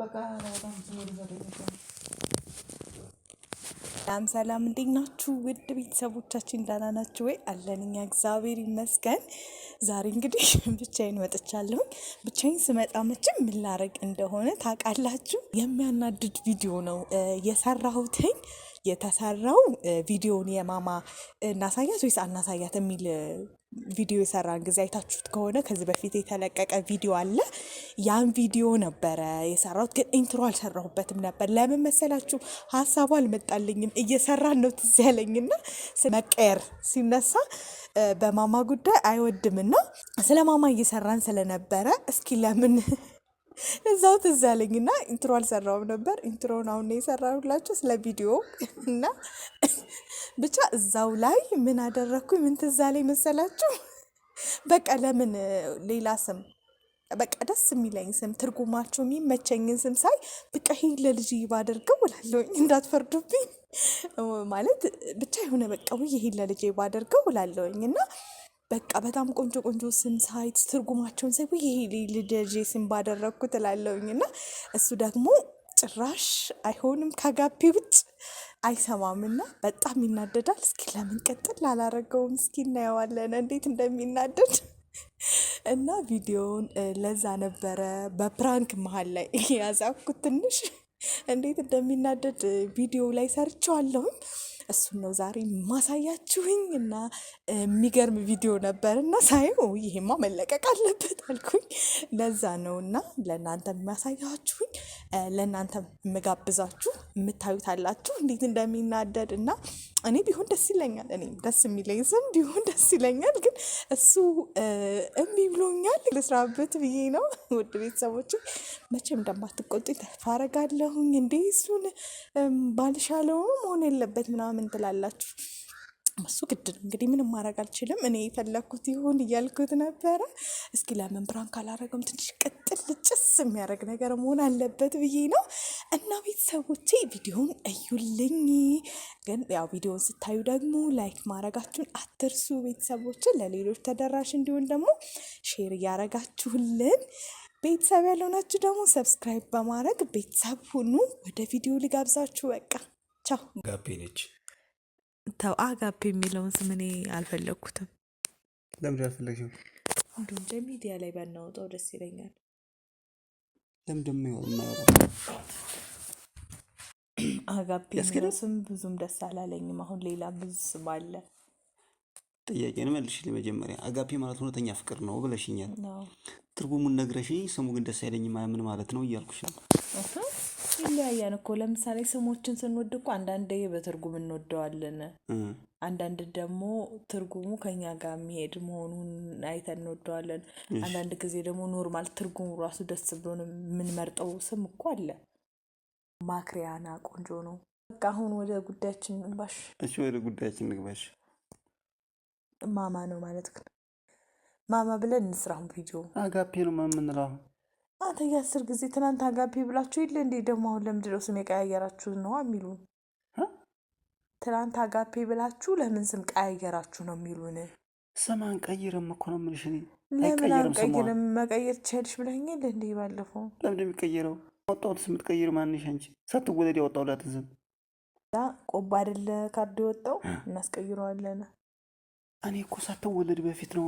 በጣም ሰላም እንዴት ናችሁ ውድ ቤተሰቦቻችን? ደህና ናችሁ ወይ? አለን እኛ እግዚአብሔር ይመስገን። ዛሬ እንግዲህ ብቻዬን መጥቻለሁ። ብቻዬን ስመጣ መቼም ምን ላረግ እንደሆነ ታውቃላችሁ። የሚያናድድ ቪዲዮ ነው የሰራሁትኝ የተሰራው ቪዲዮውን የማማ እናሳያት ወይስ አናሳያት የሚል ቪዲዮ የሰራን ጊዜ አይታችሁት ከሆነ ከዚህ በፊት የተለቀቀ ቪዲዮ አለ። ያን ቪዲዮ ነበረ የሰራሁት፣ ግን ኢንትሮ አልሰራሁበትም ነበር። ለምን መሰላችሁ? ሀሳቡ አልመጣልኝም። እየሰራን ነው ትዝ ያለኝና መቀየር ሲነሳ በማማ ጉዳይ አይወድምና ስለ ማማ እየሰራን ስለነበረ እስኪ ለምን እዛው ትዝ ያለኝና ኢንትሮ አልሰራውም ነበር። ኢንትሮን አሁን የሰራሁላችሁ ስለ ቪዲዮ እና ብቻ እዛው ላይ ምን አደረግኩኝ? ምን ትዛ ላይ መሰላችሁ? በቃ ለምን ሌላ ስም በቃ ደስ የሚለኝ ስም ትርጉማቸው የሚመቸኝን ስም ሳይ በቃ ይሄ ለልጅ ባደርገው እላለሁኝ። እንዳትፈርዱብኝ ማለት ብቻ የሆነ በቃ ይሄ ለልጅ ባደርገው እላለሁኝ እና በቃ በጣም ቆንጆ ቆንጆ ስም ሳይት ትርጉማቸውን ሳይ ይሄ ልጅ ስም ባደረግኩት እላለሁኝ እና እሱ ደግሞ ጭራሽ አይሆንም ከአጋፔ ውጭ አይሰማም እና በጣም ይናደዳል። እስኪ ለምን ቀጥል አላረገውም? እስኪ እናየዋለን እንዴት እንደሚናደድ እና ቪዲዮውን ለዛ ነበረ በፕራንክ መሀል ላይ ያዛኩት ትንሽ እንዴት እንደሚናደድ ቪዲዮ ላይ ሰርቸዋለሁን እሱን ነው ዛሬ ማሳያችሁኝ እና የሚገርም ቪዲዮ ነበር እና ሳየው ይሄማ መለቀቅ አለበት አልኩኝ። ለዛ ነው እና ለእናንተ የሚያሳያችሁኝ ለእናንተ የምጋብዛችሁ የምታዩት አላችሁ እንዴት እንደሚናደድ እና እኔ ቢሆን ደስ ይለኛል። እኔም ደስ የሚለኝ ቢሆን ደስ ይለኛል። ግን እሱ እምቢ ብሎኛል። ልስራበት ብዬ ነው። ውድ ቤተሰቦች መቼም እንደማትቆጡኝ ተስፋ አደርጋለሁኝ። እንዴ እሱን ባልሻለው መሆን የለበት ምናምን ትላላችሁ። እሱ ግድ ነው እንግዲህ፣ ምንም ማድረግ አልችልም። እኔ የፈለግኩት ይሁን እያልኩት ነበረ። እስኪ ለምን ብራን ካላረገም ትንሽ ቅጥል ጭስ የሚያደርግ ነገር መሆን አለበት ብዬ ነው። እና ቤተሰቦቼ ቪዲዮን እዩልኝ። ግን ያው ቪዲዮን ስታዩ ደግሞ ላይክ ማድረጋችሁን አትርሱ። ቤተሰቦችን ለሌሎች ተደራሽ እንዲሆን ደግሞ ሼር እያረጋችሁልን ቤተሰብ ያልሆናችሁ ደግሞ ሰብስክራይብ በማድረግ ቤተሰብ ሁኑ። ወደ ቪዲዮ ልጋብዛችሁ። በቃ ቻው። አጋፔ ነች። ተው አጋፔ የሚለውን ስም እኔ አልፈለግኩትም። ለምንድን አልፈለግሽም? እንዲሁም ሚዲያ ላይ ባናወጣው ደስ ይለኛል። ለምንድን ነው የማይወራው? አጋፔ ስም ብዙም ደስ አላለኝም። አሁን ሌላ ብዙ ስም አለ። ጥያቄን መልሽልኝ። መጀመሪያ አጋፔ ማለት እውነተኛ ፍቅር ነው ብለሽኛል። ትርጉሙን ነግረሽኝ ስሙ ግን ደስ አይለኝም። ምን ማለት ነው እያልኩሽ ነው። ይለያያን እኮ ለምሳሌ ስሞችን ስንወድ እኮ አንዳንዴ በትርጉም እንወደዋለን፣ አንዳንድ ደግሞ ትርጉሙ ከኛ ጋር የሚሄድ መሆኑን አይተን እንወደዋለን። አንዳንድ ጊዜ ደግሞ ኖርማል ትርጉሙ ራሱ ደስ ብሎን የምንመርጠው ስም እኮ አለ። ማክሪያና ቆንጆ ነው። በቃ አሁን ወደ ጉዳያችን ንግባሽ። እሺ፣ ወደ ጉዳያችን ንግባሽ። ማማ ነው ማለት ማማ ብለን እንስራሁን ቪዲዮ አጋፔ ነው የምንለው አንተ የአስር ጊዜ ትናንት አጋቢ ብላችሁ የለ እንዴ? ደግሞ አሁን ለምንድነው ስም የቀያየራችሁ ነው የሚሉን። ትናንት አጋፔ ብላችሁ ለምን ስም ቀያየራችሁ ነው የሚሉን። ስም አንቀይርም እኮ ነው የምልሽ ለምን አንቀይርም? መቀየር ትችያለሽ ብለኸኝ የለ እንዴ? ባለፈው ለምን የሚቀየረው? ወጣሁት ስም ትቀይር ማንሽ አንቺ ሳትወለድ ያወጣሁላትን ስም ቆባ አይደለ ካርድ የወጣው እናስቀይረዋለን። እኔ እኮ ሳትወለድ በፊት ነው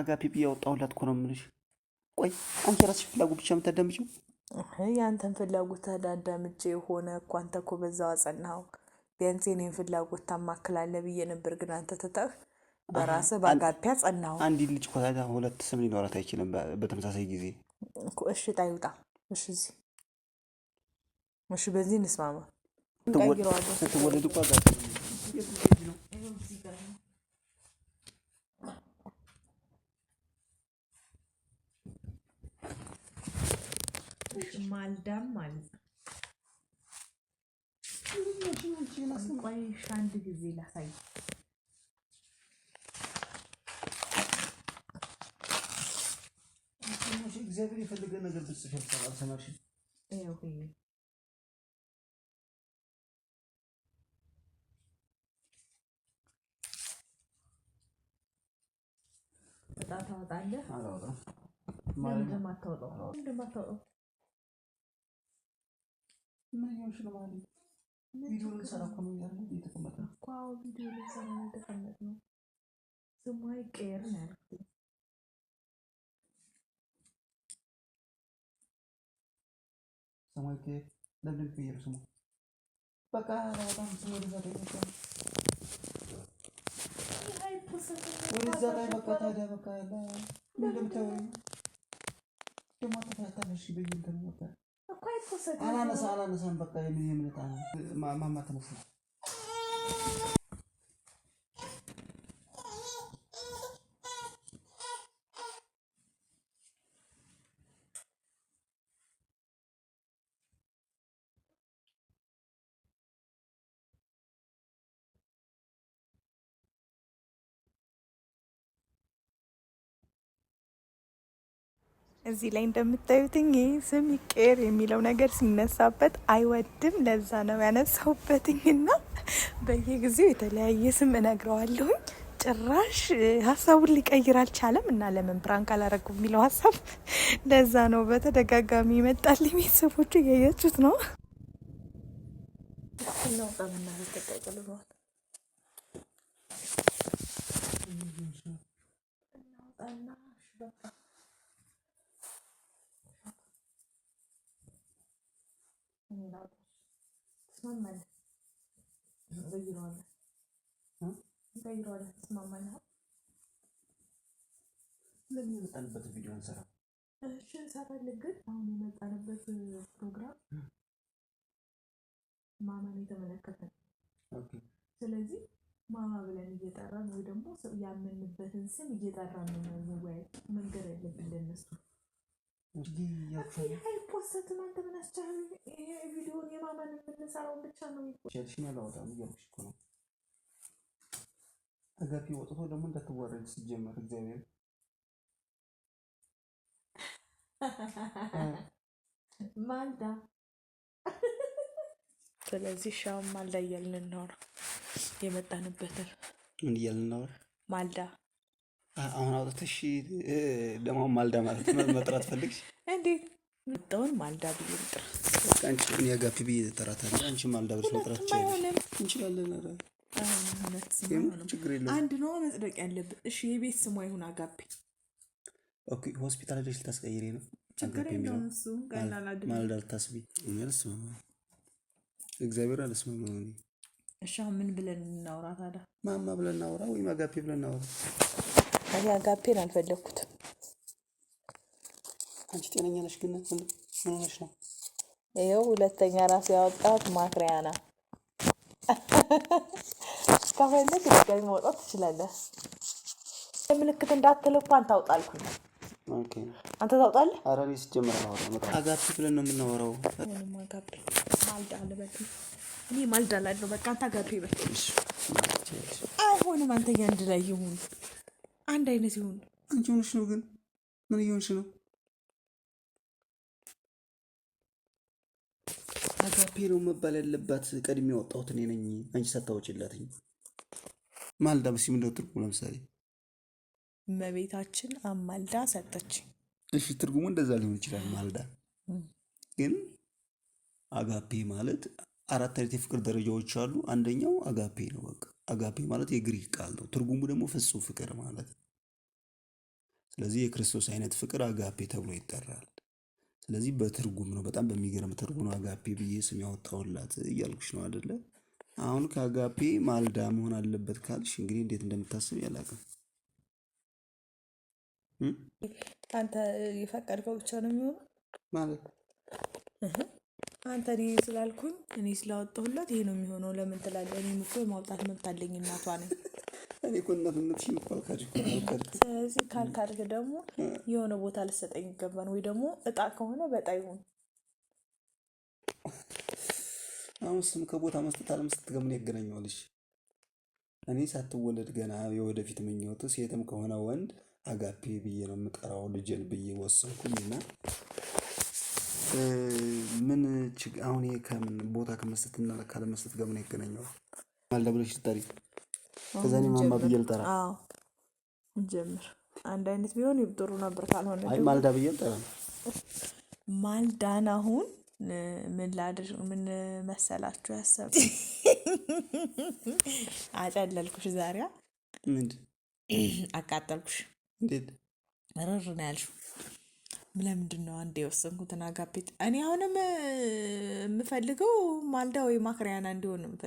አጋፔ ብዬ ያወጣሁላት እኮ ነው የምልሽ ቆይ አንቺ ራስሽ ፍላጎት ብቻ የምታዳምጪው? ያንተን ፍላጎት አዳዳምጬ የሆነ እኮ አንተ እኮ በዛው አጸናኸው። ቢያንስ የኔን ፍላጎት ታማክላለህ ብዬ ነበር፣ ግን አንተ ትተህ በራስህ በአጋፔ አጸናኸው። አንድ ልጅ እኮ ታዲያ ሁለት ስም ሊኖራት አይችልም በተመሳሳይ ጊዜ። እሺ ዕጣ ይውጣ። እሺ እዚህ እሺ፣ በዚህ እንስማማ። ስትወለድ እኮ Madam Maliza. Nasıl bayışan ጊዜ ላሳይ እግዚአብሔር የፈለገ ነገር ብጽፍ ያልቻል አልተማርሽም። በጣም ታወጣለህ። እንደማታወጣው እንደማታወጣው ምንሽን ማለት ቪዲዮ ልንሰራ እኮ ነው ያለ እየተቀመጠ ነው እኮ። አዎ ቪዲዮ ልንሰራ ነው የተቀመጥ ነው። ስሙ አይቀየር ነው ያልኩት። ስሙ አይቀየር። ለምን ይቀየር? ስሙ በቃ በጣም ስሙ ወደዛ ላይ በቃ ወደዛ ላይ በቃ ታዲያ በቃ ያለ ምንድን ነው ደግሞ ተፈታተነሽ በይን ደግሞ በቃ አላነሳ አላነሳም በቃ የምን የምልጣ ማማ ተነሳ እዚህ ላይ እንደምታዩትኝ ስም ይቀር የሚለው ነገር ሲነሳበት አይወድም። ለዛ ነው ና በየጊዜው የተለያየ ስም እነግረዋለሁኝ። ጭራሽ ሀሳቡን ሊቀይር አልቻለም እና ለምን ብራንክ አላረጉ የሚለው ሀሳብ ለዛ ነው በተደጋጋሚ ይመጣል። ቤተሰቦቹ እያያችሁት ነው። እናውጣና ትስማማለህ? እንቀይረዋለን ለምን ቪዲዮ እንሰራ? እሺ እንሰራለን። ግን አሁን የመጣንበት ፕሮግራም ማማን የተመለከተ ነው። ስለዚህ ማማ ብለን እየጠራን ወይ ደግሞ ያመንበትን ስም እየጠራን ነው መወያየት መንገድ ያለብን ለነሱ አይፖሰትም። አንተ ምን ቪዲዮን የማመን የምንሰራውን ብቻ ነው አላወጣም እያልኩሽ እኮ ነው። ተገፊ ወጥቶ ደግሞ እንዳትዋረድ ሲጀመር እግዚአብሔር ማልዳ። ስለዚህ ሻውን ማልዳ እያልን እናወራ የመጣንበትን ምን እያልን እናወራ ማልዳ አሁን አውጥተሽ ደግሞ ማልዳ ማለት መጥራት ፈልግሽ? እንዴት መጣውን ማልዳ ብዬ ልጥራ? አንቺ የጋፒ ብዬ ትጠራታለሽ። አንቺ ማልዳ ብለሽ መጥራት እንችላለን። አንድ ነው መጽደቅ ያለብን። እሺ የቤት ስሟ ይሁን አጋፔ። ኦኬ ሆስፒታል ደሽ ልታስቀይሬ ነው? ማልዳ ልታስቢ እግዚአብሔር አለስማ እሺ ምን ብለን እናውራ ታዲያ? ማማ ብለን እናውራ ወይም አጋፔ ብለን እናውራ እኔ አጋፔን አልፈለግኩትም። አንቺ ጤነኛ ነሽ? ግን ምን ሆነሽ ነው? ይኸው ሁለተኛ ራሱ ያወጣት ማክሪያ ነው። ከፈለግ ድጋሚ መውጣት ትችላለህ። ምልክት እንዳትል እንኳን ታውጣልኩኝ። አንተ ታውጣለህ። ኧረ እኔ ስጀምር አጋፔ ብለን ነው የምናወራው። አጋፔ ማልዳ አልበልም እኔ ማልዳ ላለው በቃ አንተ አጋፔ በል። አሁንም አንተኛ አንድ ላይ ይሁን አንድ አይነት ይሆኑ። አንቺ ነው ግን ምን እየሆንሽ ነው? አጋፔ ነው መባል ያለባት። ቀድሜ ያወጣሁት እኔ ነኝ፣ አንቺ ሰታዎችላትኝ ማልዳ በሲ ምንደው ትርጉሙ? ለምሳሌ እመቤታችን አማልዳ ሰጠች። እሺ ትርጉሙ እንደዛ ሊሆን ይችላል። ማልዳ ግን አጋፔ ማለት አራት አይነት የፍቅር ደረጃዎች አሉ። አንደኛው አጋፔ ነው። በቃ አጋፔ ማለት የግሪክ ቃል ነው። ትርጉሙ ደግሞ ፍጹም ፍቅር ማለት ነው። ስለዚህ የክርስቶስ አይነት ፍቅር አጋፔ ተብሎ ይጠራል። ስለዚህ በትርጉም ነው። በጣም በሚገርም ትርጉም ነው። አጋፔ ብዬ ስም ያወጣውላት እያልኩሽ ነው አደለ? አሁን ከአጋፔ ማልዳ መሆን አለበት ካልሽ እንግዲህ እንዴት እንደምታስብ ያላቅም። አንተ የፈቀድከው ብቻ ነው የሚሆነው ማለት አንተ እኔ ስላልኩኝ እኔ ስላወጣሁላት ይሄ ነው የሚሆነው ለምን ትላለህ? እኔም እኮ የማውጣት መብት አለኝ፣ እናቷ ነኝ እኔ እኮ እናትነት ካልካድ ስለዚህ ካልካድክ ደግሞ የሆነ ቦታ ልሰጠኝ ይገባል ወይ ደግሞ እጣ ከሆነ በጣ ይሁን። አሁን ስም ከቦታ መስጠት አለመስጠት ከምን ያገናኘዋልሽ? እኔ ሳትወለድ ገና የወደፊት ምኞት ሴትም ከሆነ ወንድ አጋፔ ብዬ ነው የምጠራው ልጄን ብዬ ወሰንኩኝ እና ምን ችግር አሁን ይሄ ከምን ቦታ ከመስጠት እና ካለመስጠት ጋር ምን ይገናኘዋል? ማልዳ ብለሽ ልጠሪ፣ ከዛ እኔ ማማ ብዬ ልጠራ ጀምር። አንድ አይነት ቢሆን ጥሩ ነበር፣ ካልሆነ አይ ማልዳ ብዬ ልጠራ። ማልዳን አሁን ምን ላድር? ምን መሰላችሁ ያሰብ አጨለልኩሽ፣ ዛሬ ምንድን አቃጠልኩሽ። እንዴት ረር ነው ያልሽው? ለምንድን ነው አንድ የወሰንኩትን አጋፔት እኔ አሁንም የምፈልገው ማልዳ ወይ ማክሪያና እንዲሆን ነው።